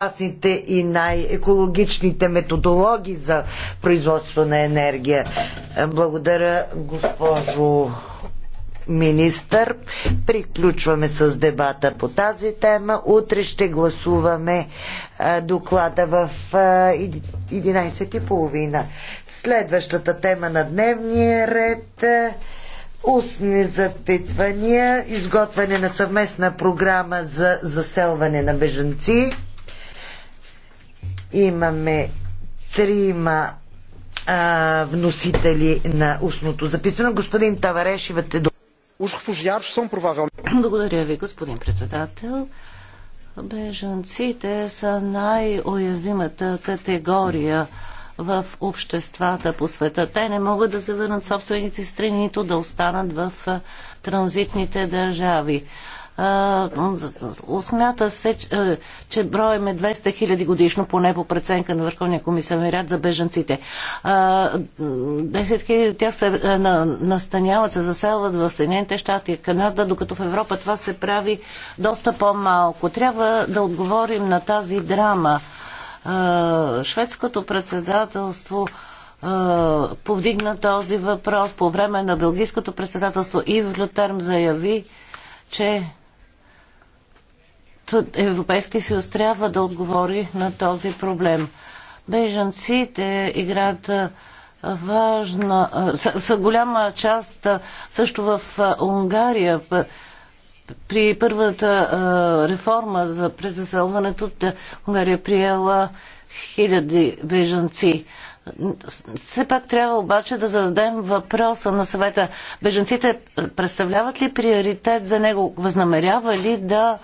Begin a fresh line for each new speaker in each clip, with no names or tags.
най-безопасните и най-екологичните методологии за производство на енергия. Благодаря, госпожо министър. Приключваме с дебата по тази тема. Утре ще гласуваме доклада в 11.30. Следващата тема на дневния ред устни запитвания, изготвяне на съвместна програма за заселване на беженци. Имаме трима а, вносители на устното записване. Господин Тавареш, имате до... Благодаря ви, господин председател. Бежанците са
най-уязвимата категория в обществата по света. Те не могат да се в собствените страни, нито да останат в транзитните държави. Осмята се, е, че броем е 200 хиляди годишно, поне по преценка на Върховния ряд за беженците. 10 хиляди от тях се е, настаняват, се заселват в Съединените щати и Канада, докато в Европа това се прави доста по-малко. Трябва да отговорим на тази драма. Шведското председателство повдигна този въпрос по време на Белгийското председателство и Лютерм заяви, че Европейския съюз трябва да отговори на този проблем. Беженците играят важна, са, са голяма част също в Унгария. При първата реформа за презаселването Унгария приела хиляди беженци. Все пак трябва обаче да зададем въпроса на съвета. Беженците представляват ли приоритет за него? Възнамерява ли да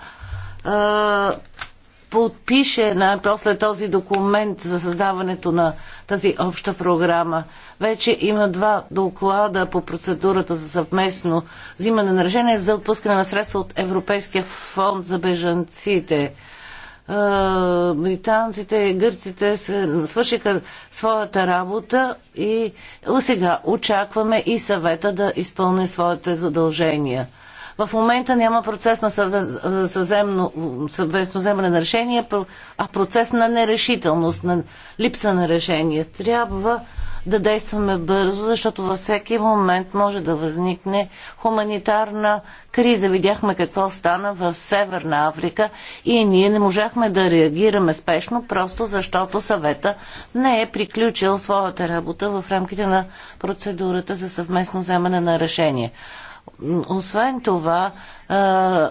подпише най-после този документ за създаването на тази обща програма. Вече има два доклада по процедурата за съвместно взимане на решение за отпускане на средства от Европейския фонд за бежанците. Британците и гърците се свършиха своята работа и сега очакваме и съвета да изпълне своите задължения. В момента няма процес на съвместно вземане на решение, а процес на нерешителност, на липса на решение. Трябва да действаме бързо, защото във всеки момент може да възникне хуманитарна криза. Видяхме какво стана в Северна Африка и ние не можахме да реагираме спешно, просто защото съвета не е приключил своята работа в рамките на процедурата за съвместно вземане на решение. Освен това,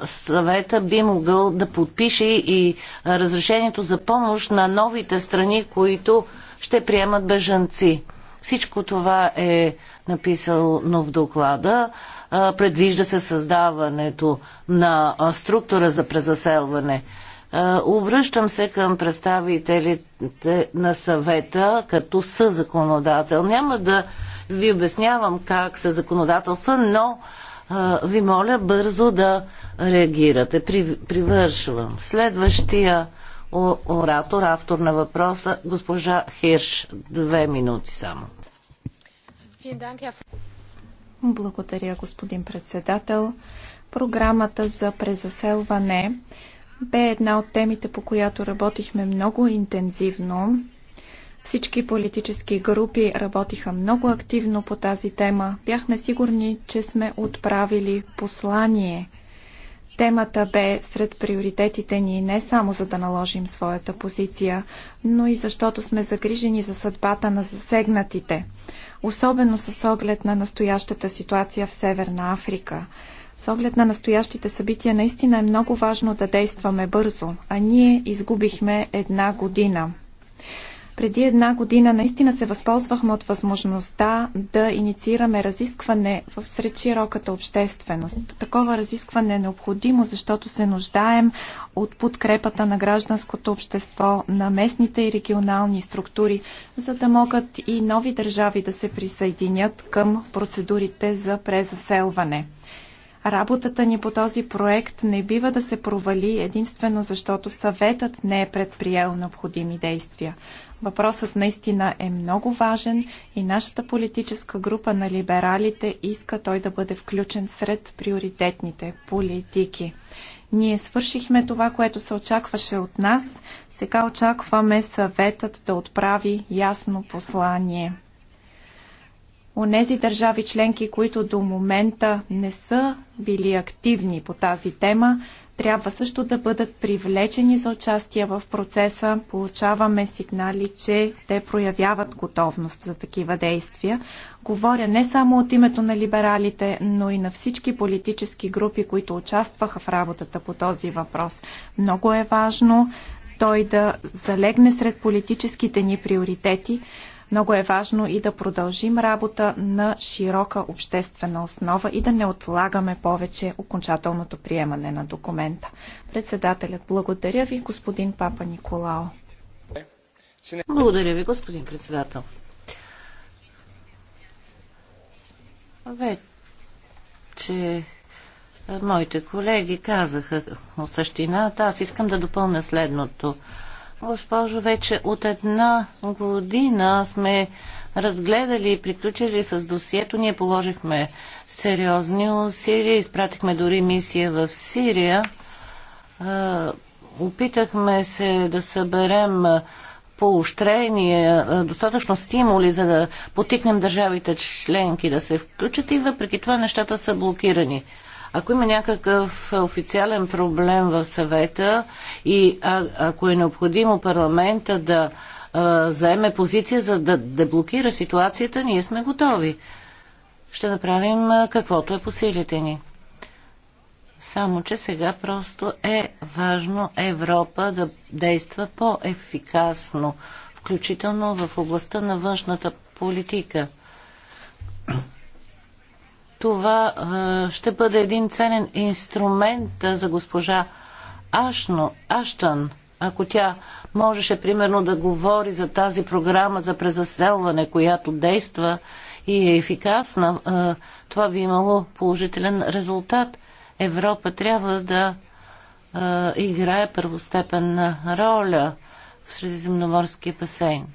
съвета би могъл да подпише и разрешението за помощ на новите страни, които ще приемат бежанци. Всичко това е написано в доклада. Предвижда се създаването на структура за презаселване. Обръщам се към представителите на съвета като съзаконодател. Няма да ви обяснявам как се законодателства, но ви моля бързо да реагирате. привършвам. Следващия оратор, автор на въпроса, госпожа Хирш. Две минути само.
Благодаря, господин председател. Програмата за презаселване бе една от темите, по която работихме много интензивно всички политически групи работиха много активно по тази тема. Бяхме сигурни, че сме отправили послание. Темата бе сред приоритетите ни не само за да наложим своята позиция, но и защото сме загрижени за съдбата на засегнатите, особено с оглед на настоящата ситуация в Северна Африка. С оглед на настоящите събития наистина е много важно да действаме бързо, а ние изгубихме една година. Преди една година наистина се възползвахме от възможността да инициираме разискване в сред широката общественост. Такова разискване е необходимо, защото се нуждаем от подкрепата на гражданското общество, на местните и регионални структури, за да могат и нови държави да се присъединят към процедурите за презаселване. Работата ни по този проект не бива да се провали единствено защото съветът не е предприел необходими действия. Въпросът наистина е много важен и нашата политическа група на либералите иска той да бъде включен сред приоритетните политики. Ние свършихме това, което се очакваше от нас. Сега очакваме съветът да отправи ясно послание. Онези държави членки, които до момента не са били активни по тази тема, трябва също да бъдат привлечени за участие в процеса. Получаваме сигнали, че те проявяват готовност за такива действия. Говоря не само от името на либералите, но и на всички политически групи, които участваха в работата по този въпрос. Много е важно той да залегне сред политическите ни приоритети, много е важно и да продължим работа на широка обществена основа и да не отлагаме повече окончателното приемане на документа. Председателят, благодаря ви, господин Папа Николао.
Благодаря ви, господин председател. Вече е, моите колеги казаха същината. Аз искам да допълня следното. Госпожо, вече от една година сме разгледали и приключили с досието. Ние положихме сериозни усилия, изпратихме дори мисия в Сирия. Опитахме се да съберем поощрение, достатъчно стимули, за да потикнем държавите членки да се включат и въпреки това нещата са блокирани. Ако има някакъв официален проблем в съвета и а, ако е необходимо парламента да а, заеме позиция, за да деблокира да ситуацията, ние сме готови. Ще направим а, каквото е по силите ни. Само, че сега просто е важно Европа да действа по-ефикасно, включително в областта на външната политика – това а, ще бъде един ценен инструмент а, за госпожа Ашно, Аштън, ако тя можеше примерно да говори за тази програма за презаселване, която действа и е ефикасна, а, това би имало положителен резултат. Европа трябва да а, играе първостепенна роля в Средиземноморския басейн.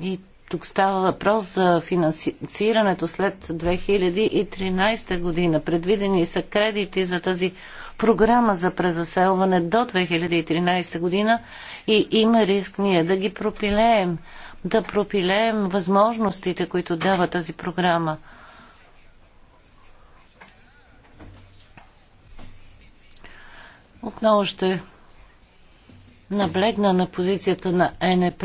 И тук става въпрос за финансирането след 2013 година. Предвидени са кредити за тази програма за презаселване до 2013 година и има риск ние да ги пропилеем, да пропилеем възможностите, които дава тази програма. Отново ще наблегна на позицията на НП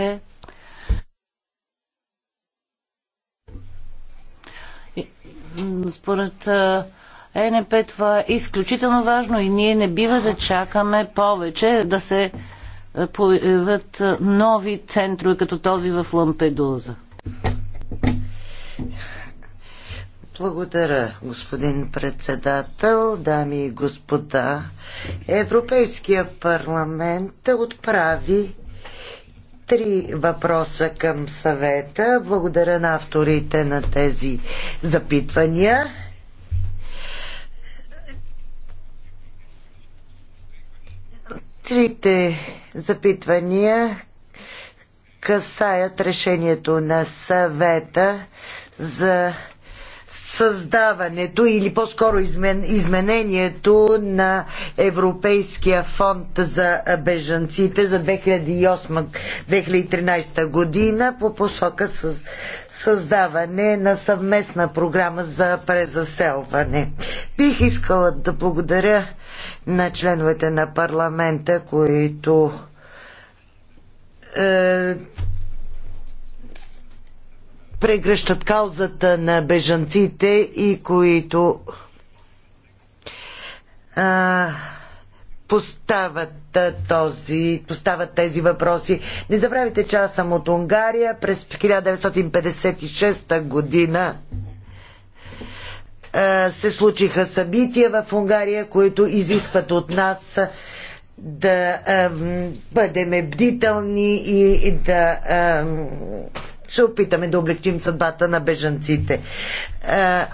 според ЕНП това е изключително важно и ние не бива да чакаме повече да се появят нови центрове, като този в Лампедуза.
Благодаря, господин председател, дами и господа. Европейския парламент отправи три въпроса към съвета. Благодаря на авторите на тези запитвания. Трите запитвания касаят решението на съвета за създаването или по-скоро измен, изменението на Европейския фонд за бежанците за 2008-2013 година по посока с създаване на съвместна програма за презаселване. Бих искала да благодаря на членовете на парламента, които е, прегръщат каузата на бежанците и които а, поставят, този, поставят тези въпроси. Не забравяйте, че аз съм от Унгария. През 1956 година а, се случиха събития в Унгария, които изискват от нас да а, бъдем бдителни и, и да а, се опитаме да облегчим съдбата на бежанците.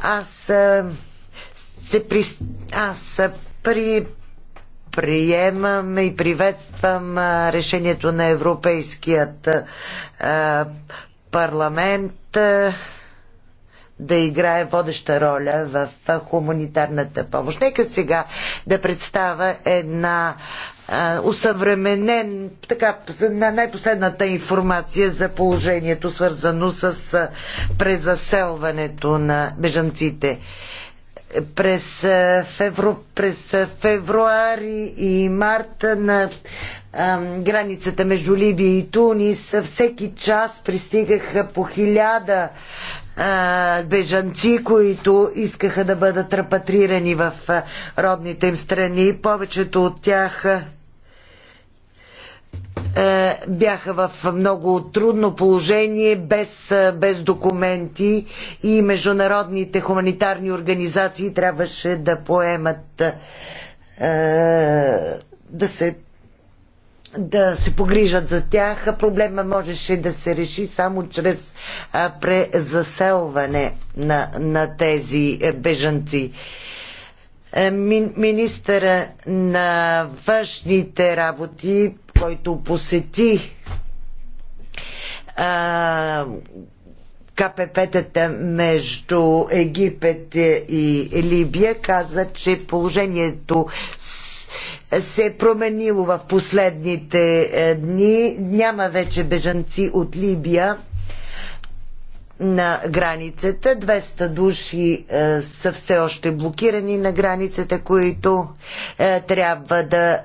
Аз се при... Аз при... приемам и приветствам решението на Европейският парламент да играе водеща роля в хуманитарната помощ. Нека сега да представя една усъвременен, така, на най-последната информация за положението, свързано с презаселването на бежанците. През, февру, през февруари и марта на ам, границата между Либия и Тунис всеки час пристигаха по хиляда бежанци, които искаха да бъдат репатрирани в родните им страни. Повечето от тях бяха в много трудно положение, без, без документи и международните хуманитарни организации трябваше да поемат да се да се погрижат за тях. Проблема можеше да се реши само чрез презаселване на, на тези е, бежанци. Е, министъра на външните работи, който посети КПП-тата между Египет и Либия каза, че положението се е променило в последните е, дни. Няма вече бежанци от Либия на границата. 200 души е, са все още блокирани на границата, които е, трябва да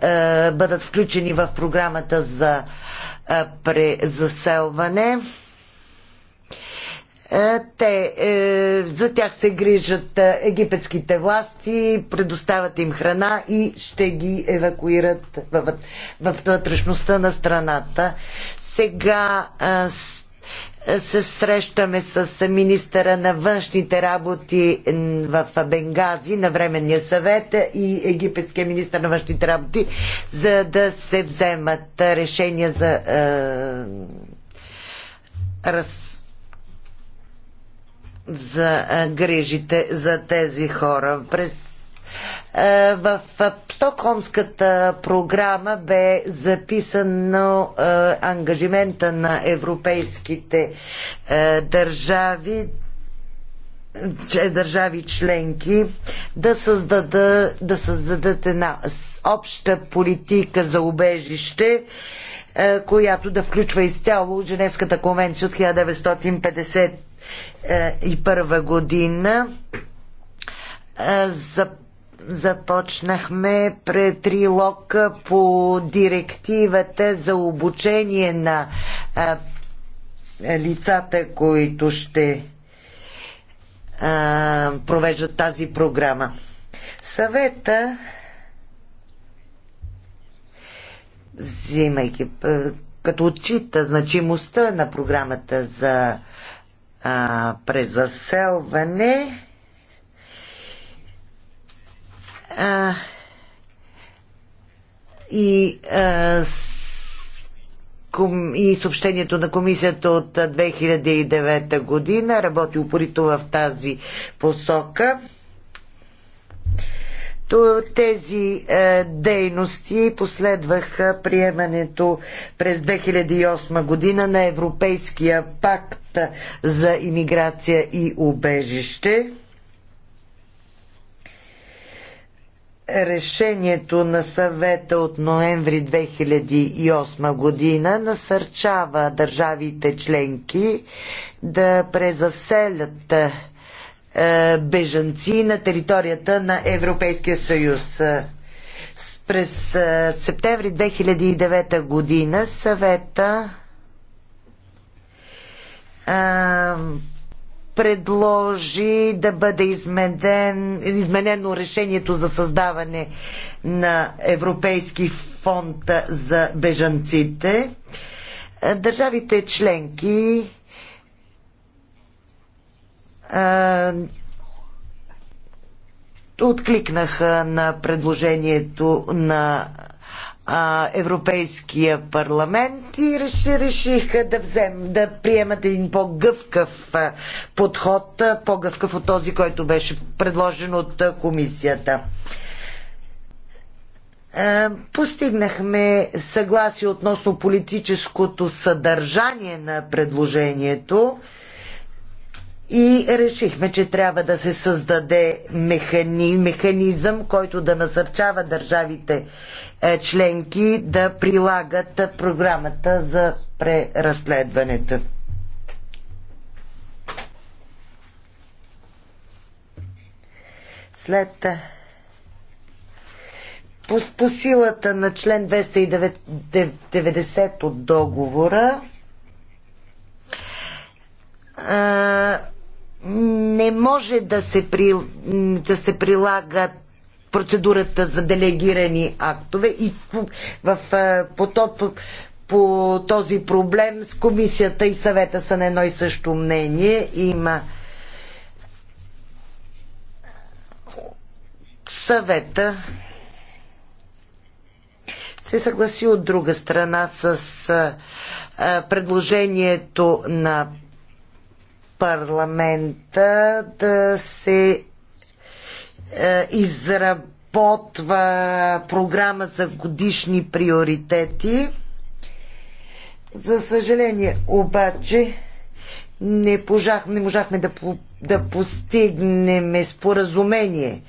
е, бъдат включени в програмата за е, презаселване. Е, те, е, за тях се грижат е, египетските власти, предоставят им храна и ще ги евакуират в, в вътрешността на страната. Сега се срещаме с министъра на външните работи в Бенгази, на Временния съвет и египетския министър на външните работи, за да се вземат решения за е, раз за грижите за тези хора. През в Стокхолмската програма бе записано ангажимента на европейските държави държави членки да създадат, да създадат една обща политика за убежище, която да включва изцяло Женевската конвенция от 1950 е, първа година е, за започнахме трилог по директивата за обучение на а, е, лицата, които ще а, провеждат тази програма. Съвета, взимайки като отчита значимостта на програмата за а, презаселване. А, и а, и съобщението на комисията от 2009 година. Работи упорито в тази посока тези е, дейности последваха приемането през 2008 година на Европейския пакт за имиграция и убежище. решението на съвета от ноември 2008 година насърчава държавите членки да презаселят е, бежанци на територията на Европейския съюз. През е, септември 2009 година съвета е, предложи да бъде изменен, изменено решението за създаване на Европейски фонд за бежанците. Държавите членки откликнаха на предложението на Европейския парламент и реши, решиха да, взем, да приемат един по-гъвкав подход, по-гъвкав от този, който беше предложен от комисията. Постигнахме съгласие относно политическото съдържание на предложението и решихме, че трябва да се създаде механи, механизъм, който да насърчава държавите е, членки да прилагат програмата за преразследването. След е, по, по силата на член 290 от договора а, е, не може да се, при, да се прилага процедурата за делегирани актове и в, в, е, по, по, по този проблем с комисията и съвета са на едно и също мнение. Има съвета се съгласи от друга страна с е, предложението на парламента да се е, изработва програма за годишни приоритети. За съжаление обаче не, пожах, не можахме да, да постигнем споразумение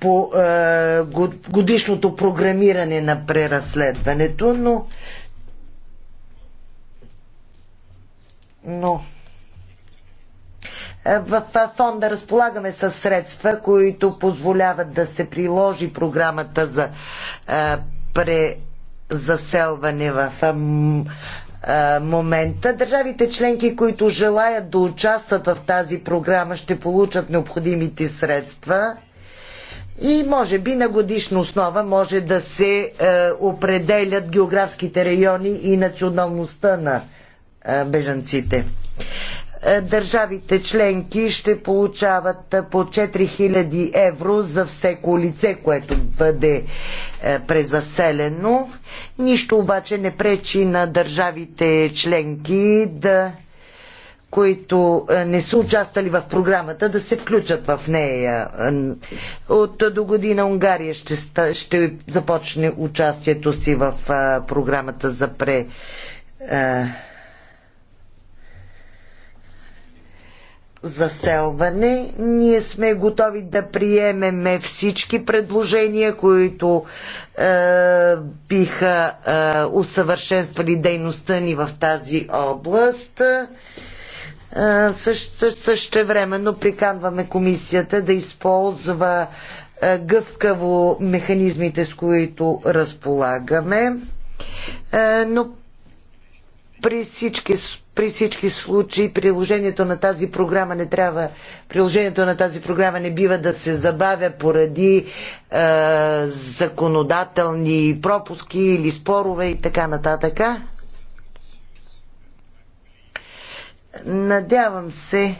по е, годишното програмиране на преразследването, но но в фонда разполагаме с средства, които позволяват да се приложи програмата за презаселване в момента. Държавите членки, които желаят да участват в тази програма, ще получат необходимите средства и може би на годишна основа може да се е, определят географските райони и националността на е, бежанците. Е, държавите членки ще получават е, по 4000 евро за всеко лице, което бъде е, презаселено. Нищо обаче не пречи на държавите членки да които не са участвали в програмата, да се включат в нея. От до година Унгария ще, ще започне участието си в програмата за пре заселване. Ние сме готови да приемеме всички предложения, които е, биха е, усъвършенствали дейността ни в тази област. също, е, също времено приканваме комисията да използва е, гъвкаво механизмите, с които разполагаме. Е, но при всички, при всички случаи приложението на тази програма не трябва, приложението на тази програма не бива да се забавя поради е, законодателни пропуски или спорове и така нататък. Надявам се,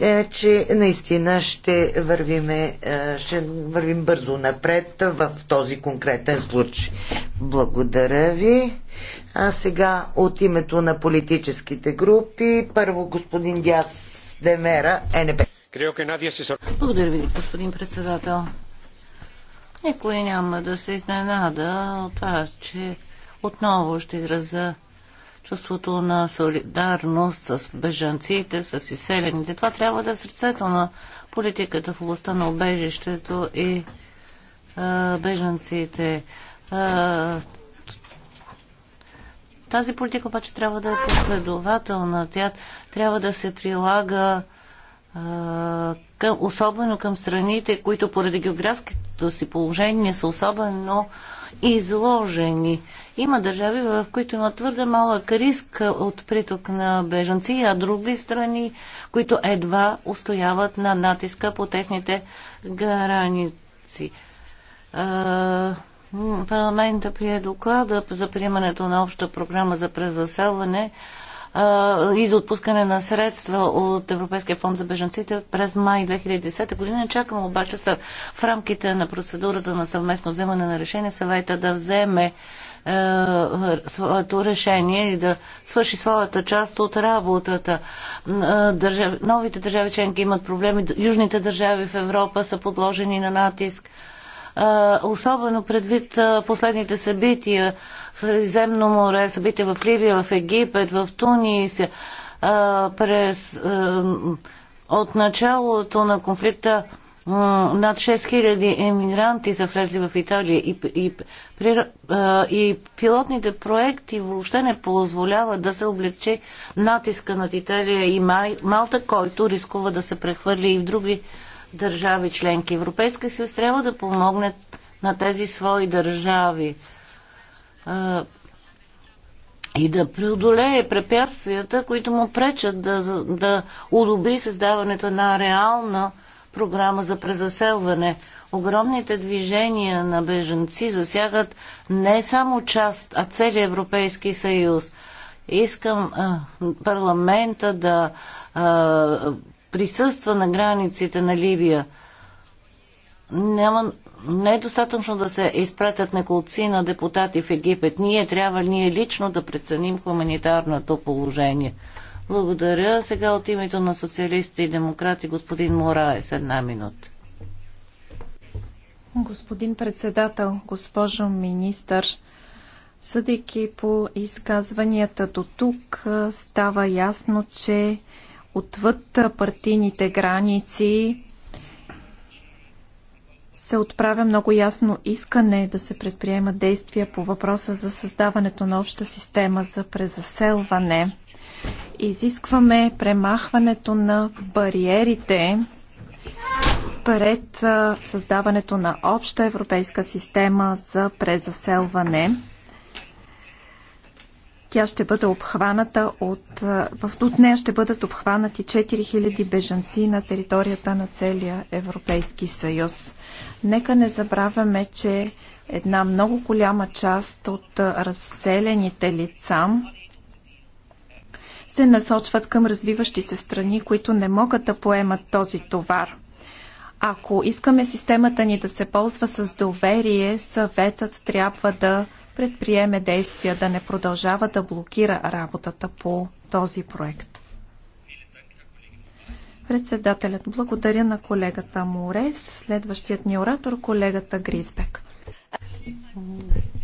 е, че наистина ще, вървим, е, ще вървим бързо напред в този конкретен случай. Благодаря ви. А сега от името на политическите групи, първо господин Дяс Демера, НБ. Благодаря ви, господин председател.
Никой няма да се изненада от това, че отново ще изразя чувството на солидарност с бежанците, с изселените. Това трябва да е в сърцето на политиката в областта на обежището и а, бежанците. А, тази политика обаче трябва да е последователна. Тя трябва да се прилага към, особено към страните, които поради географското си положение са особено изложени. Има държави, в които има твърде малък риск от приток на бежанци, а други страни, които едва устояват на натиска по техните граници. Парламента прие доклада за приемането на обща програма за презаселване и за отпускане на средства от Европейския фонд за бежанците през май 2010 година. Чакам обаче са в рамките на процедурата на съвместно вземане на решение съвета да вземе е, своето решение и да свърши своята част от работата. Е, новите държави членки имат проблеми. Южните държави в Европа са подложени на натиск особено предвид последните събития в Средиземно море, събития в Ливия, в Египет, в Тунис, през от началото на конфликта над 6000 емигранти са влезли в Италия и, и, при, и пилотните проекти въобще не позволяват да се облегчи натиска над Италия и Малта, който рискува да се прехвърли и в други държави членки. Европейска съюз трябва да помогне на тези свои държави а, и да преодолее препятствията, които му пречат да, да удобри създаването на реална програма за презаселване. Огромните движения на беженци засягат не само част, а целият Европейски съюз. Искам а, парламента да а, присъства на границите на Либия. Няма, не е достатъчно да се изпратят неколци на депутати в Египет. Ние трябва ние лично да преценим хуманитарното положение. Благодаря. Сега от името на социалисти и демократи господин Мораес една минута.
Господин председател, госпожо министър, съдейки по изказванията до тук, става ясно, че отвъд партийните граници се отправя много ясно искане да се предприемат действия по въпроса за създаването на обща система за презаселване. Изискваме премахването на бариерите пред създаването на обща европейска система за презаселване. Тя ще бъде обхваната от, от нея ще бъдат обхванати 4000 бежанци на територията на целия Европейски съюз. Нека не забравяме, че една много голяма част от разселените лица се насочват към развиващи се страни, които не могат да поемат този товар. Ако искаме системата ни да се ползва с доверие, съветът трябва да предприеме действия да не продължава да блокира работата по този проект. Председателят благодаря на колегата Морес. Следващият ни оратор, колегата Гризбек.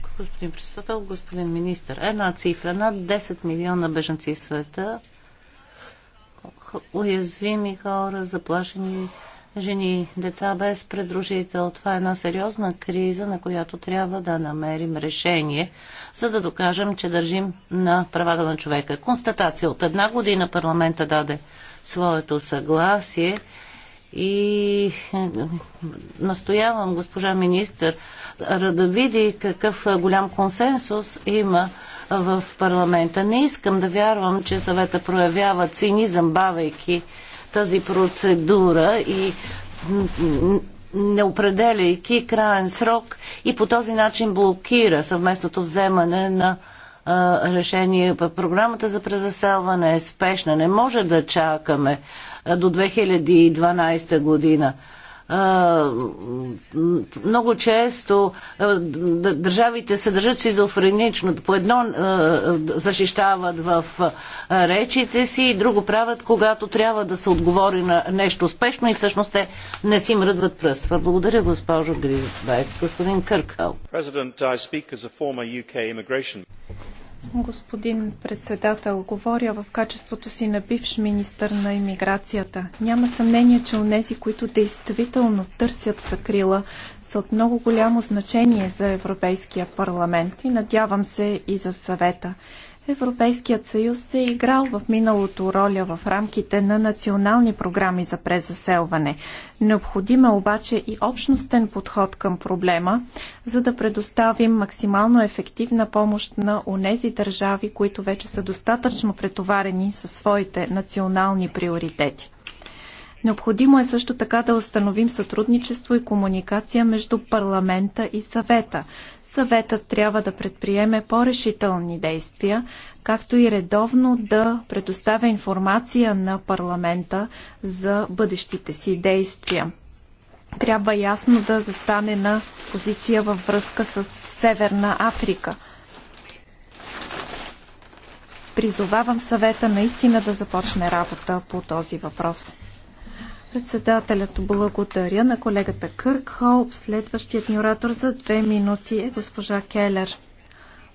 Господин председател, господин министр, една цифра над 10 милиона бежанци в света, уязвими хора, заплашени жени, деца без предружител. Това е една сериозна криза, на която трябва да намерим решение, за да докажем, че държим на правата на човека. Констатация от една година парламента даде своето съгласие и е, настоявам госпожа министър да види какъв голям консенсус има в парламента. Не искам да вярвам, че съвета проявява цинизъм, бавайки тази процедура и не определяйки краен срок и по този начин блокира съвместното вземане на решение. Програмата за презаселване е спешна. Не може да чакаме до 2012 година много често държавите се държат шизофренично. По едно защищават в речите си и друго правят, когато трябва да се отговори на нещо успешно и всъщност те не си мръдват пръства. Благодаря, госпожо Грибайт. Господин Къркал.
Господин председател, говоря в качеството си на бивш министър на иммиграцията. Няма съмнение, че нези, които действително търсят закрила, са от много голямо значение за Европейския парламент и надявам се и за съвета. Европейският съюз е играл в миналото роля в рамките на национални програми за презаселване. Необходим е обаче и общностен подход към проблема, за да предоставим максимално ефективна помощ на онези държави, които вече са достатъчно претоварени със своите национални приоритети. Необходимо е също така да установим сътрудничество и комуникация между парламента и съвета. Съветът трябва да предприеме по-решителни действия, както и редовно да предоставя информация на парламента за бъдещите си действия. Трябва ясно да застане на позиция във връзка с Северна Африка – призовавам съвета наистина да започне работа по този въпрос. Председателят благодаря на колегата Кърк Хоуп. Следващият ни оратор за две минути е госпожа Келер.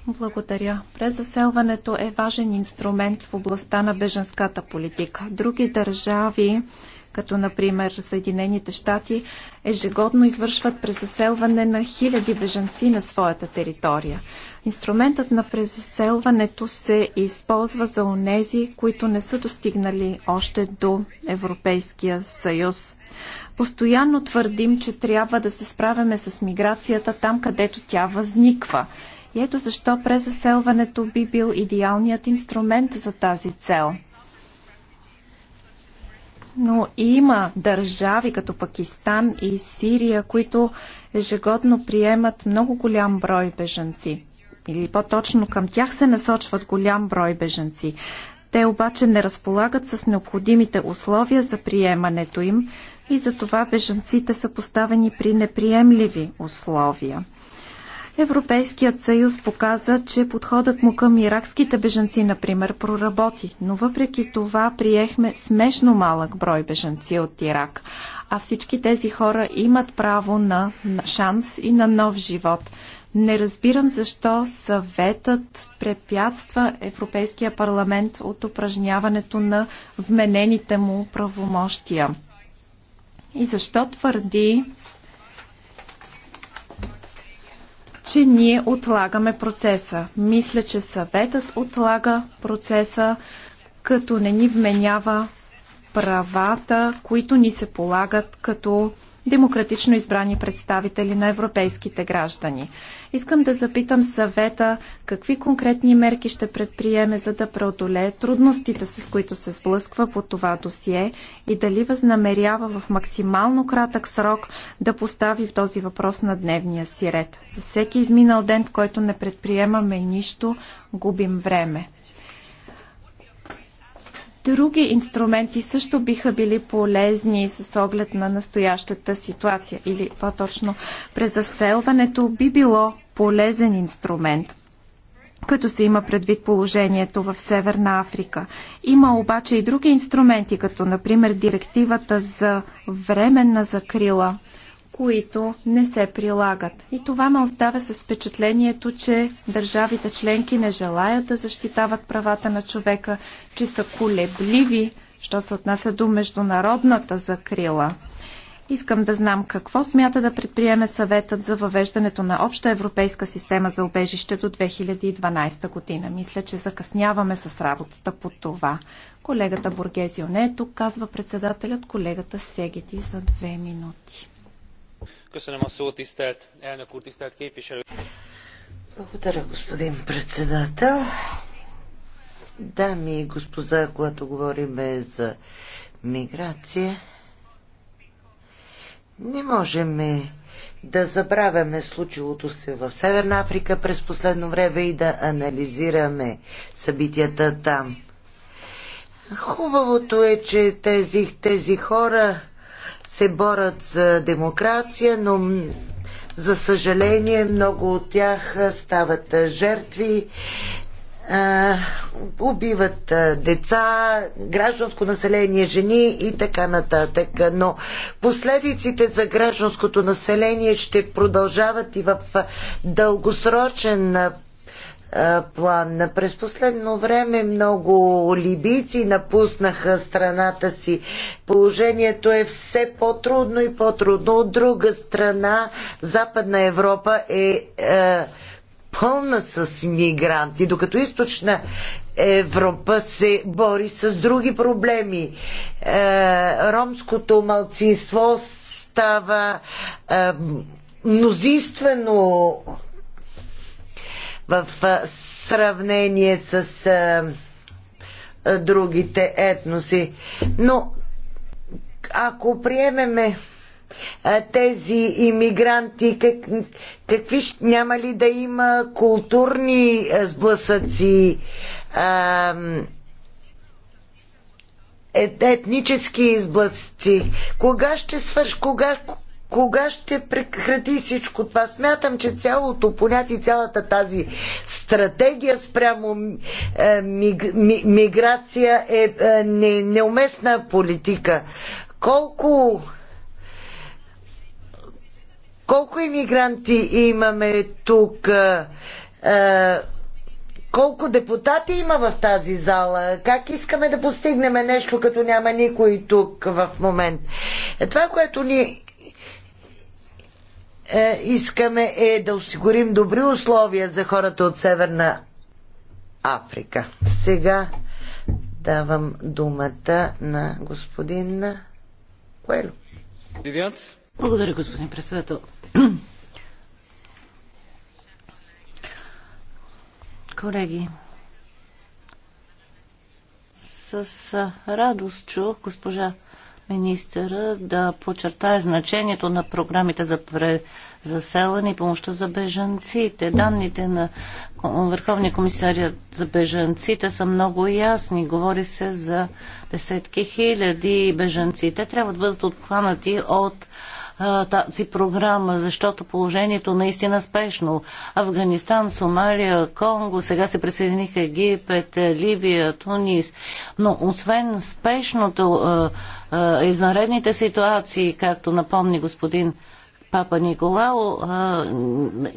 Благодаря. Презаселването е важен инструмент в областта на беженската политика. Други държави като например Съединените щати, ежегодно извършват презаселване на хиляди бежанци на своята територия. Инструментът на презаселването се използва за онези, които не са достигнали още до Европейския съюз. Постоянно твърдим, че трябва да се справяме с миграцията там, където тя възниква. И ето защо презаселването би бил идеалният инструмент за тази цел но има държави като Пакистан и Сирия, които ежегодно приемат много голям брой бежанци. Или по-точно към тях се насочват голям брой бежанци. Те обаче не разполагат с необходимите условия за приемането им и затова бежанците са поставени при неприемливи условия. Европейският съюз показа, че подходът му към иракските бежанци, например, проработи, но въпреки това приехме смешно малък брой бежанци от Ирак. А всички тези хора имат право на шанс и на нов живот. Не разбирам защо съветът препятства Европейския парламент от упражняването на вменените му правомощия. И защо твърди, че ние отлагаме процеса. Мисля, че съветът отлага процеса, като не ни вменява правата, които ни се полагат като демократично избрани представители на европейските граждани. Искам да запитам съвета какви конкретни мерки ще предприеме, за да преодолее трудностите, с които се сблъсква по това досие и дали възнамерява в максимално кратък срок да постави в този въпрос на дневния си ред. За всеки изминал ден, в който не предприемаме нищо, губим време други инструменти също биха били полезни с оглед на настоящата ситуация или по-точно презаселването би било полезен инструмент като се има предвид положението в Северна Африка. Има обаче и други инструменти, като например директивата за временна закрила – които не се прилагат. И това ме оставя с впечатлението, че държавите членки не желаят да защитават правата на човека, че са колебливи, що се отнася до международната закрила. Искам да знам какво смята да предприеме съветът за въвеждането на обща европейска система за обежище до 2012 година. Мисля, че закъсняваме с работата по това. Колегата Бургезио не е тук, казва председателят, колегата Сегети за две минути. Благодаря, господин
председател. Дами и господа, когато говорим за миграция, не можем да забравяме случилото се в Северна Африка през последно време и да анализираме събитията там. Хубавото е, че тези, тези хора се борят за демокрация, но за съжаление много от тях стават жертви убиват деца, гражданско население, жени и така нататък. Но последиците за гражданското население ще продължават и в дългосрочен план. През последно време много либийци напуснаха страната си. Положението е все по-трудно и по-трудно. От друга страна, Западна Европа е, е пълна с мигранти, докато източна Европа се бори с други проблеми. Е, ромското малцинство става е, мнозинствено в сравнение с другите етноси. Но ако приемеме тези иммигранти, как, какви няма ли да има културни сблъсъци, е, етнически изблъсъци? Кога ще свърш, кога, кога ще прекрати всичко това? Смятам, че цялото понятие, цялата тази стратегия спрямо е, ми, ми, миграция е, е не, неуместна политика. Колко колко иммигранти имаме тук? Е, е, колко депутати има в тази зала? Как искаме да постигнем нещо, като няма никой тук в момент? Е, това, което ни е, искаме е да осигурим добри условия за хората от Северна Африка. Сега давам думата на господин Коело. Благодаря, господин председател.
Колеги, с радост чух госпожа министъра да подчертае значението на програмите за презаселване и помощта за бежанците. Данните на Върховния комисарият за бежанците са много ясни. Говори се за десетки хиляди бежанците. Трябва да бъдат обхванати от тази програма, защото положението наистина спешно. Афганистан, Сомалия, Конго, сега се присъединиха Египет, е, Либия, Тунис. Но освен спешното, извънредните ситуации, както напомни господин Папа Николао,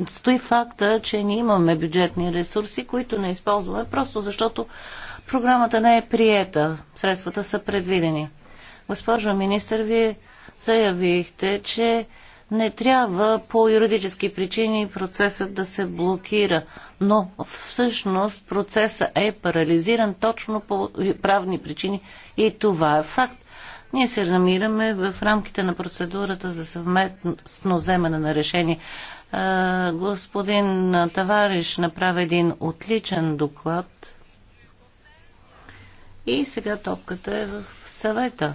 стои факта, че ние имаме бюджетни ресурси, които не използваме, просто защото програмата не е приета. Средствата са предвидени. Госпожо министър, вие заявихте, че не трябва по юридически причини процесът да се блокира, но всъщност процесът е парализиран точно по правни причини и това е факт. Ние се намираме в рамките на процедурата за съвместно вземане на решение. Господин Тавариш направи един отличен доклад и сега топката е в съвета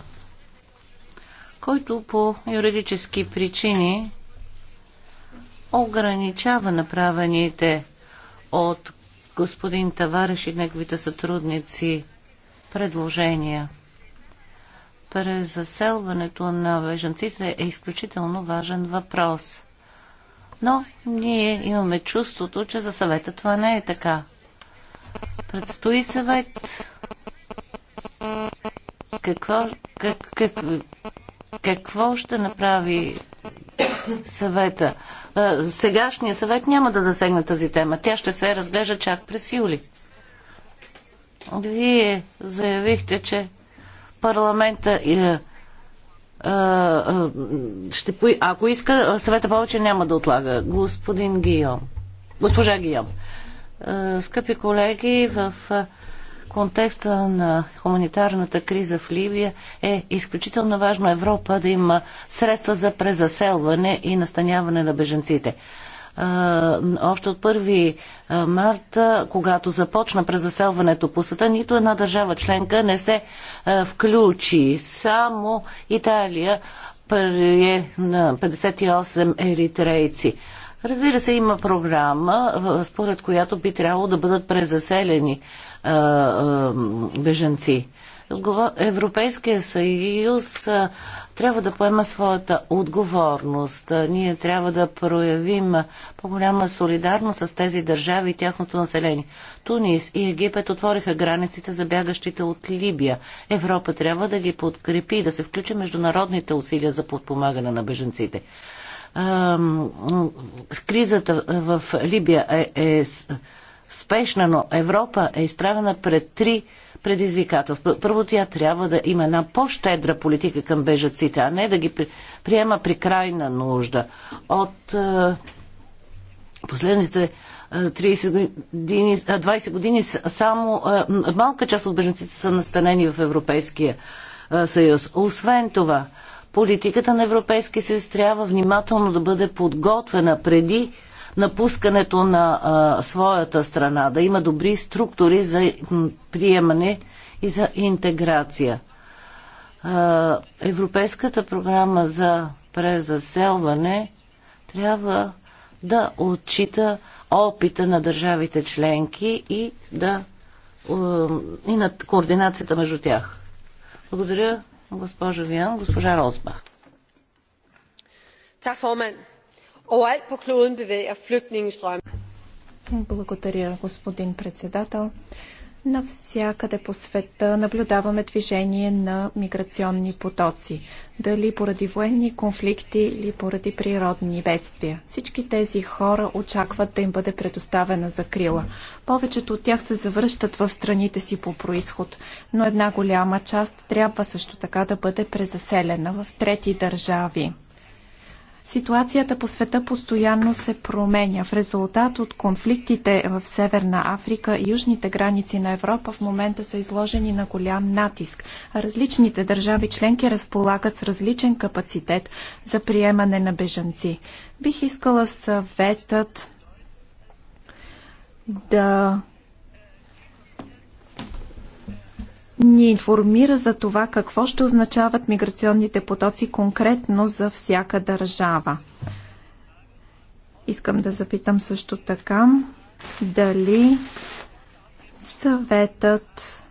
който по юридически причини ограничава направените от господин Тавареш и неговите сътрудници предложения. През заселването на бежанците е изключително важен въпрос. Но ние имаме чувството, че за съвета това не е така. Предстои съвет. Какво, как, как, какво ще направи съвета? Сегашният съвет няма да засегне тази тема. Тя ще се разглежда чак през юли. Вие заявихте, че парламента и е, е, е, ще, по... ако иска, съвета повече няма да отлага. Господин Гийом. Госпожа Гийом. Скъпи колеги, в контекста на хуманитарната криза в Ливия е изключително важно Европа да има средства за презаселване и настаняване на беженците. Още от 1 марта, когато започна презаселването по света, нито една държава членка не се включи. Само Италия прие на 58 еритрейци. Разбира се, има програма, според която би трябвало да бъдат презаселени беженци. Европейския съюз трябва да поема своята отговорност. Ние трябва да проявим по-голяма солидарност с тези държави и тяхното население. Тунис и Египет отвориха границите за бягащите от Либия. Европа трябва да ги подкрепи и да се включи международните усилия за подпомагане на беженците. Кризата в Либия е, е спешна, но Европа е изправена пред три предизвикателства. Първо, тя трябва да има една по-щедра политика към бежаците, а не да ги приема при крайна нужда. От е, последните 30 е, години, 20 е, години само е, малка част от бежанците са настанени в Европейския е, съюз. Освен това, политиката на Европейския съюз трябва внимателно да бъде подготвена преди напускането на а, своята страна, да има добри структури за приемане и за интеграция. А, Европейската програма за презаселване трябва да отчита опита на държавите членки и да и на координацията между тях. Благодаря, госпожо Виан. Госпожа Розбах.
Tak, formand. Overalt på kloden bevæger flygtningestrømme. Благодаря, господин председател. Навсякъде по света наблюдаваме движение на миграционни потоци. Дали поради военни конфликти или поради природни бедствия. Всички тези хора очакват да им бъде предоставена закрила. Повечето от тях се завръщат в страните си по происход, но една голяма част трябва също така да бъде презаселена в трети държави. Ситуацията по света постоянно се променя. В резултат от конфликтите в Северна Африка и южните граници на Европа в момента са изложени на голям натиск. Различните държави членки разполагат с различен капацитет за приемане на бежанци. Бих искала съветът да ни информира за това какво ще означават миграционните потоци конкретно за всяка държава. Искам да запитам също така дали съветът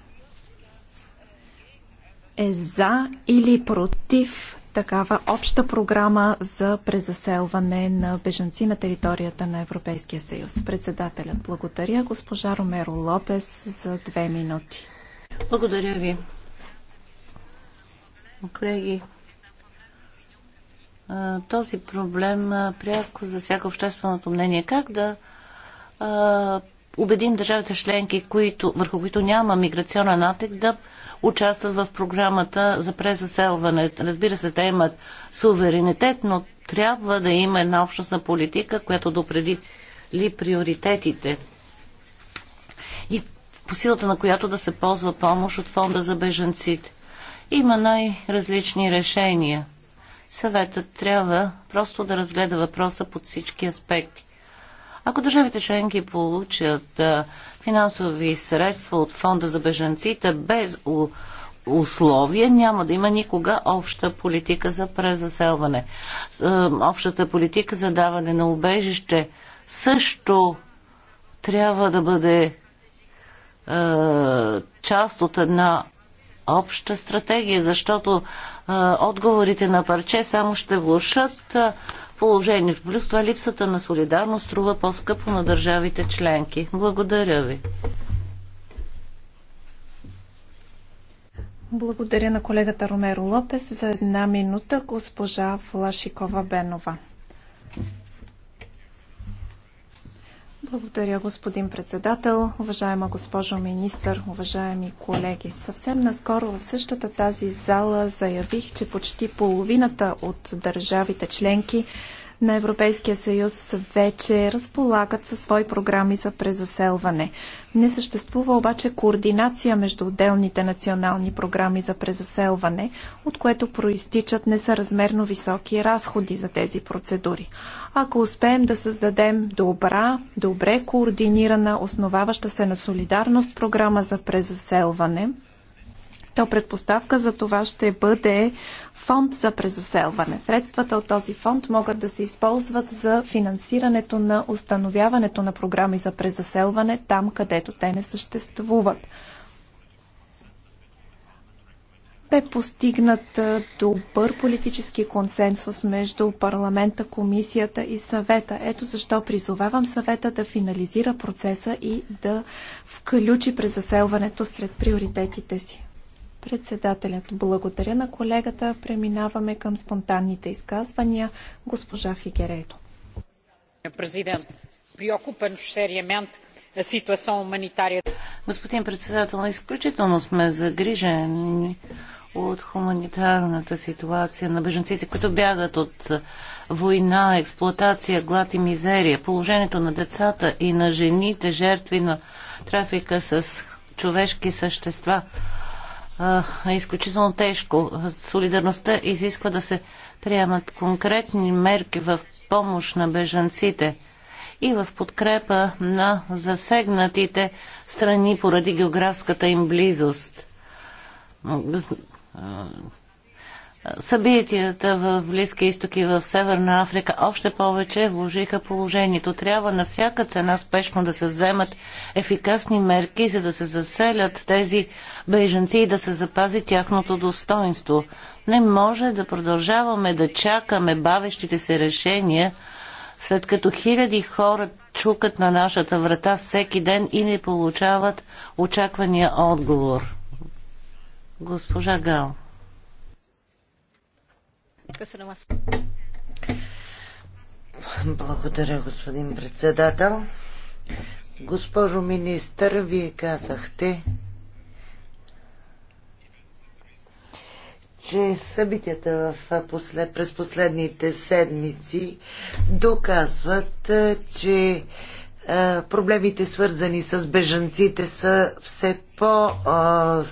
е за или против такава обща програма за презаселване на бежанци на територията на Европейския съюз. Председателят благодаря госпожа
Ромеро Лопес за две минути. Благодаря ви. Колеги, този проблем пряко засяга общественото мнение. Как да убедим държавите членки, които, върху които няма миграционен натиск, да участват в програмата за презаселване. Разбира се, те имат суверенитет, но трябва да има една общностна политика, която допреди ли приоритетите по силата на която да се ползва помощ от фонда за бежанците. Има най-различни решения. Съветът трябва просто да разгледа въпроса под всички аспекти. Ако държавите членки получат финансови средства от фонда за бежанците без условия, няма да има никога обща политика за презаселване. общата политика за даване на убежище също трябва да бъде е, част от една обща стратегия, защото е, отговорите на парче само ще влушат е, положението. Плюс това липсата на солидарност струва по-скъпо на държавите членки. Благодаря ви.
Благодаря на колегата Ромеро Лопес за една минута госпожа Флашикова Бенова. Благодаря, господин председател, уважаема госпожо министър, уважаеми колеги. Съвсем наскоро в същата тази зала заявих, че почти половината от държавите членки на Европейския съюз вече разполагат със свои програми за презаселване. Не съществува обаче координация между отделните национални програми за презаселване, от което проистичат несъразмерно високи разходи за тези процедури. Ако успеем да създадем добра, добре координирана, основаваща се на солидарност програма за презаселване, то предпоставка за това ще бъде фонд за презаселване. Средствата от този фонд могат да се използват за финансирането на установяването на програми за презаселване там, където те не съществуват. Бе постигнат добър политически консенсус между парламента, комисията и съвета. Ето защо призовавам съвета да финализира процеса и да включи презаселването сред приоритетите си. Председателят благодаря на колегата. Преминаваме към спонтанните изказвания. Госпожа Фигерейто.
Президент, приокупен в seriamente на ситуация уманитария. Господин председател, изключително сме загрижени от хуманитарната ситуация на беженците, които бягат от война, експлоатация, глад и мизерия. Положението на децата и на жените, жертви на трафика с човешки същества – е изключително тежко. Солидарността изисква да се приемат конкретни мерки в помощ на бежанците и в подкрепа на засегнатите страни поради географската им близост Събитията в Близки изтоки и в Северна Африка още повече вложиха положението. Трябва на всяка цена спешно да се вземат ефикасни мерки, за да се заселят тези беженци и да се запази тяхното достоинство. Не може да продължаваме да чакаме бавещите се решения, след като хиляди хора чукат на нашата врата всеки ден и не получават очаквания отговор. Госпожа Гал.
Благодаря, господин председател. Госпожо министър, вие казахте, че събитията в послед, през последните седмици доказват, е, че е, проблемите свързани с бежанците са все по- е,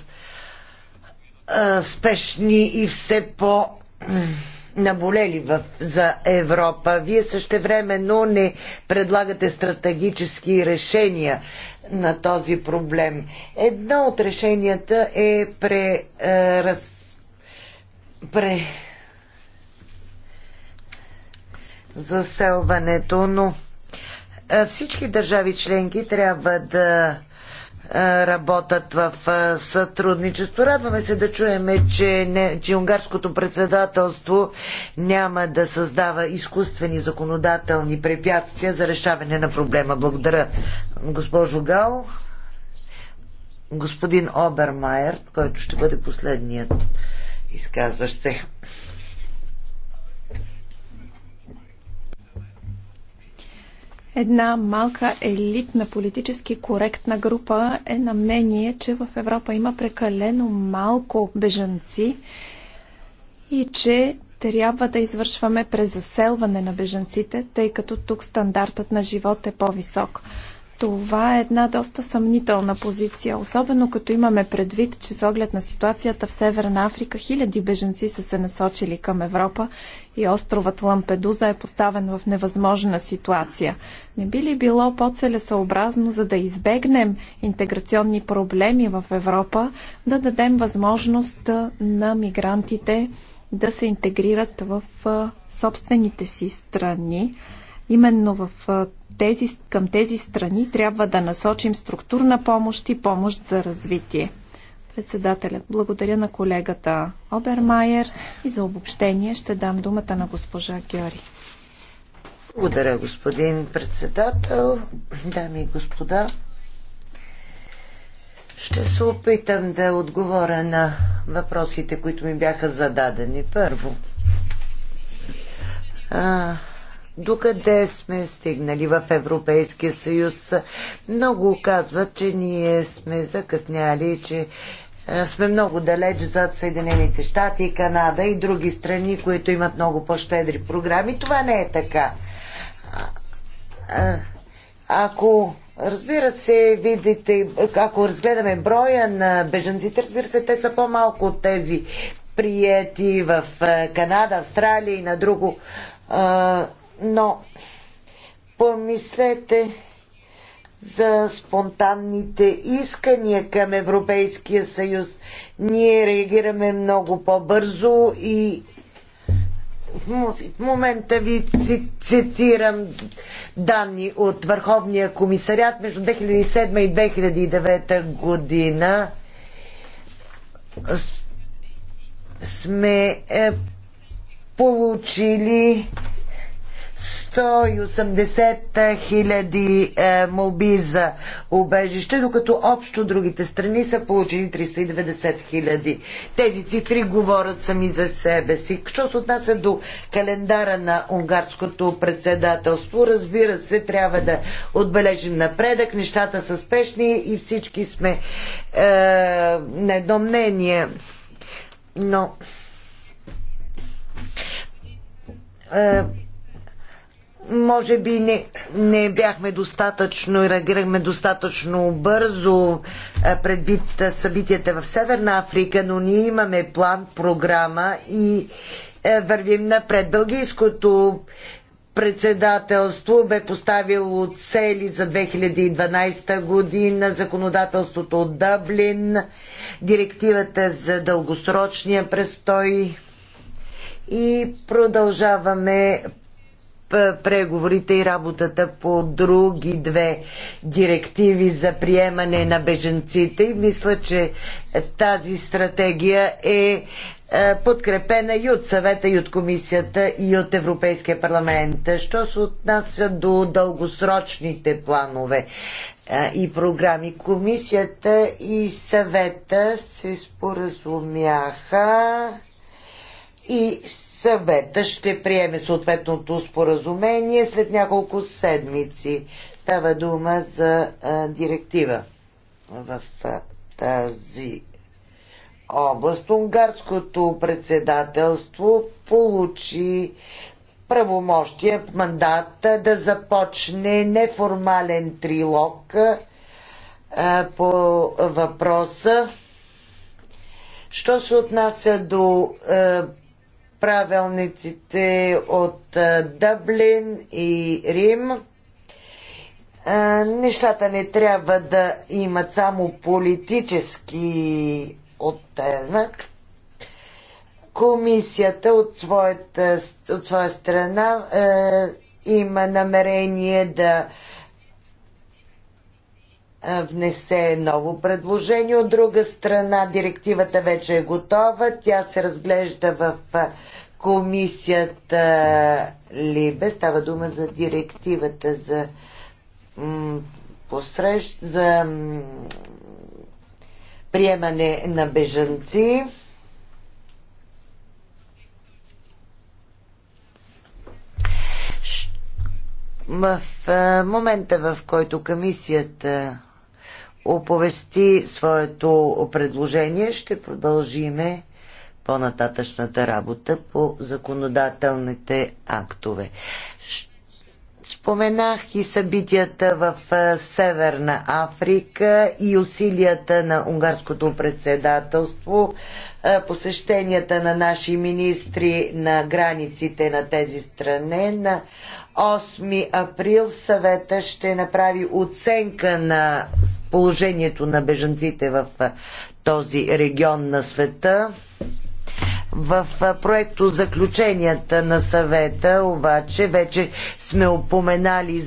спешни и все по- наболели в, за Европа. Вие също но не предлагате стратегически решения на този проблем. Едно от решенията е пре, е, раз, пре заселването, но е, всички държави членки трябва да работят в сътрудничество. Радваме се да чуем, че, не, че унгарското председателство няма да създава изкуствени законодателни препятствия за решаване на проблема. Благодаря, госпожо Гал. Господин Обермайер, който ще бъде последният изказващ се.
една малка елитна политически коректна група е на мнение, че в Европа има прекалено малко бежанци и че трябва да извършваме презаселване на бежанците, тъй като тук стандартът на живот е по-висок. Това е една доста съмнителна позиция, особено като имаме предвид, че с оглед на ситуацията в Северна Африка хиляди беженци са се насочили към Европа и островът Лампедуза е поставен в невъзможна ситуация. Не би ли било по-целесообразно, за да избегнем интеграционни проблеми в Европа, да дадем възможност на мигрантите да се интегрират в собствените си страни? Именно в тези, към тези страни трябва да насочим структурна помощ и помощ за развитие. Председателят, благодаря на колегата Обермайер и за обобщение ще дам думата на госпожа Георги.
Благодаря, господин председател, дами и господа. Ще се опитам да отговоря на въпросите, които ми бяха зададени. Първо, а, докъде сме стигнали в Европейския съюз. Много казват, че ние сме закъсняли, че е, сме много далеч зад Съединените щати, Канада и други страни, които имат много по-щедри програми. Това не е така. Ако Разбира се, видите, ако разгледаме броя на бежанците, разбира се, те са по-малко от тези приети в е, Канада, Австралия и на друго но помислете за спонтанните искания към Европейския съюз. Ние реагираме много по-бързо и в момента ви цитирам данни от Върховния комисарят между 2007 и 2009 година сме е, получили 180 хиляди е, молби за убежище, докато общо другите страни са получени 390 хиляди. Тези цифри говорят сами за себе си. Що се отнася до календара на унгарското председателство, разбира се, трябва да отбележим напредък. Нещата са спешни и всички сме е, на едно мнение. Но е, може би не, не бяхме достатъчно и реагирахме достатъчно бързо предвид събитията в Северна Африка, но ние имаме план, програма и вървим напред. Бългийското председателство бе поставило цели за 2012 година, законодателството от Дъблин, директивата за дългосрочния престой и продължаваме преговорите и работата по други две директиви за приемане на беженците и мисля, че тази стратегия е, е подкрепена и от съвета, и от комисията, и от Европейския парламент. Що се отнася до дългосрочните планове е, и програми, комисията и съвета се споразумяха и съвета ще приеме съответното споразумение след няколко седмици. Става дума за а, директива в а, тази област. Унгарското председателство получи правомощия, мандат да започне неформален трилог а, по въпроса. Що се отнася до правилниците от Дъблин и Рим. Нещата не трябва да имат само политически оттенък. Комисията от, своята, от своя страна е, има намерение да внесе ново предложение. От друга страна, директивата вече е готова. Тя се разглежда в комисията Либе. Става дума за директивата за посрещ... за приемане на бежанци. В момента, в който комисията оповести своето предложение, ще продължиме по-нататъчната работа по законодателните актове. Споменах и събитията в Северна Африка и усилията на унгарското председателство, посещенията на наши министри на границите на тези страни, на 8 април съвета ще направи оценка на положението на бежанците в този регион на света. В проекто заключенията на съвета обаче вече сме упоменали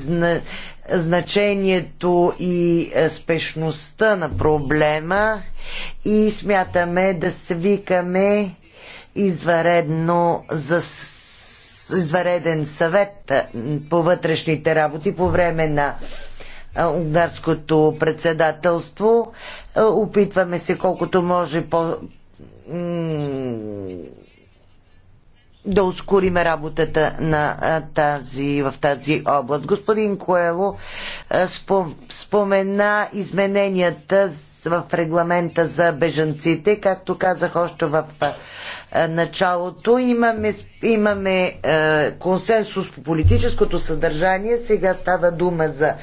значението и спешността на проблема и смятаме да свикаме извънредно за извареден съвет по вътрешните работи по време на унгарското председателство. Опитваме се колкото може по да ускориме работата на тази, в тази област. Господин Коело спомена измененията в регламента за бежанците, както казах още в началото. Имаме, имаме е, консенсус по политическото съдържание. Сега става дума за е,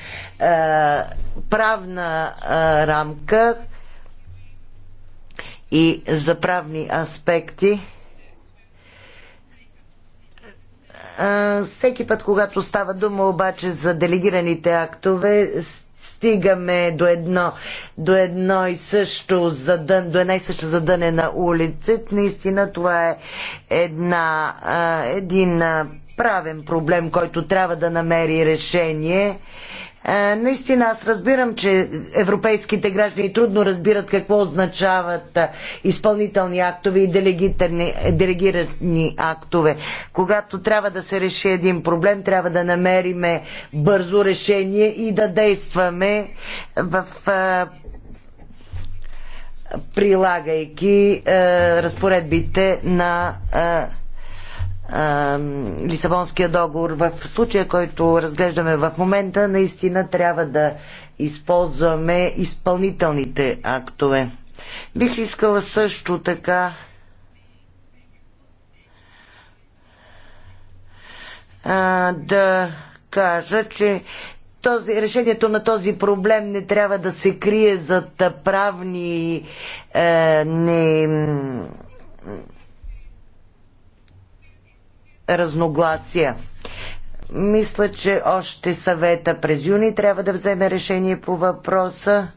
правна е, рамка и за правни аспекти Всеки път, когато става дума обаче за делегираните актове, стигаме до едно, до едно и също задън, до една и също задънена улица. Наистина това е една, един правен проблем, който трябва да намери решение. Наистина, аз разбирам, че европейските граждани трудно разбират какво означават изпълнителни актове и делегирани актове. Когато трябва да се реши един проблем, трябва да намериме бързо решение и да действаме в прилагайки разпоредбите на Лисабонския договор. В случая, който разглеждаме в момента, наистина трябва да използваме изпълнителните актове. Бих искала също така а, да кажа, че този, решението на този проблем не трябва да се крие зад правни е, не, разногласия. Мисля, че още съвета през юни трябва да вземе решение по въпроса.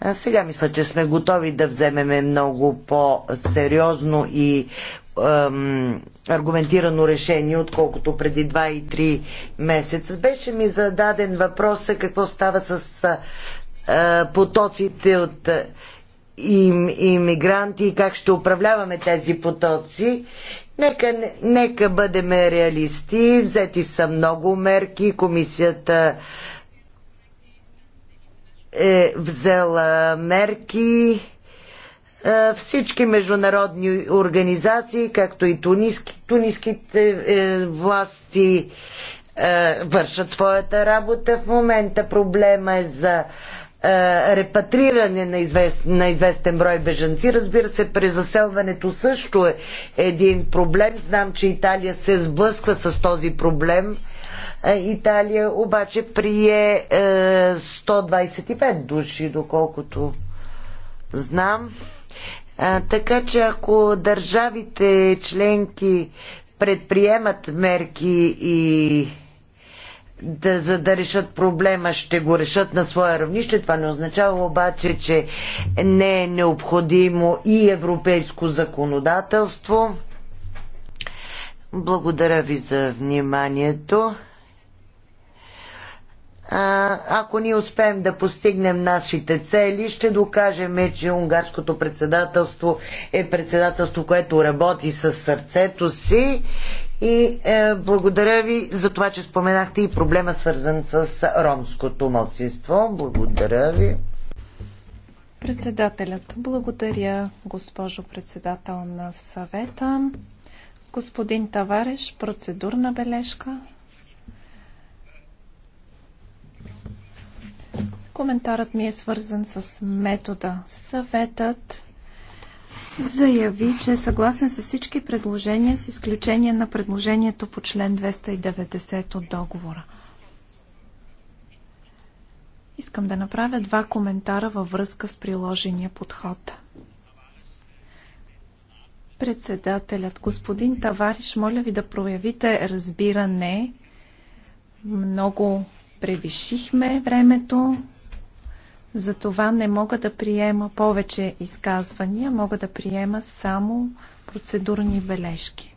А сега мисля, че сме готови да вземеме много по-сериозно и ем, аргументирано решение, отколкото преди 2 и 3 месеца. Беше ми зададен въпрос, какво става с е, потоците от им, иммигранти и как ще управляваме тези потоци. Нека, нека бъдем реалисти, взети са много мерки, комисията е взела мерки. Е, всички международни организации, както и туниски, туниските е, власти, е, вършат своята работа. В момента проблема е за е, репатриране на, извест, на известен брой бежанци. Разбира се, презаселването също е един проблем. Знам, че Италия се сблъсква с този проблем. Е, Италия обаче прие 125 е, души, доколкото знам. така че ако държавите членки предприемат мерки и да, за да решат проблема, ще го решат на своя равнище. Това не означава обаче, че не е необходимо и европейско законодателство. Благодаря ви за вниманието. А, ако ние успеем да постигнем нашите цели, ще докажем, че унгарското председателство е председателство, което работи с сърцето си и е, благодаря ви за това, че споменахте и проблема свързан с ромското младсинство. Благодаря ви.
Председателят. Благодаря, госпожо председател на съвета. Господин Тавареш, процедурна бележка. Коментарът ми е свързан с метода. Съветът заяви, че е съгласен с всички предложения, с изключение на предложението по член 290 от договора. Искам да направя два коментара във връзка с приложения подход. Председателят, господин Тавариш, моля ви да проявите разбиране. Много превишихме времето, затова не мога да приема повече изказвания, мога да приема само процедурни бележки.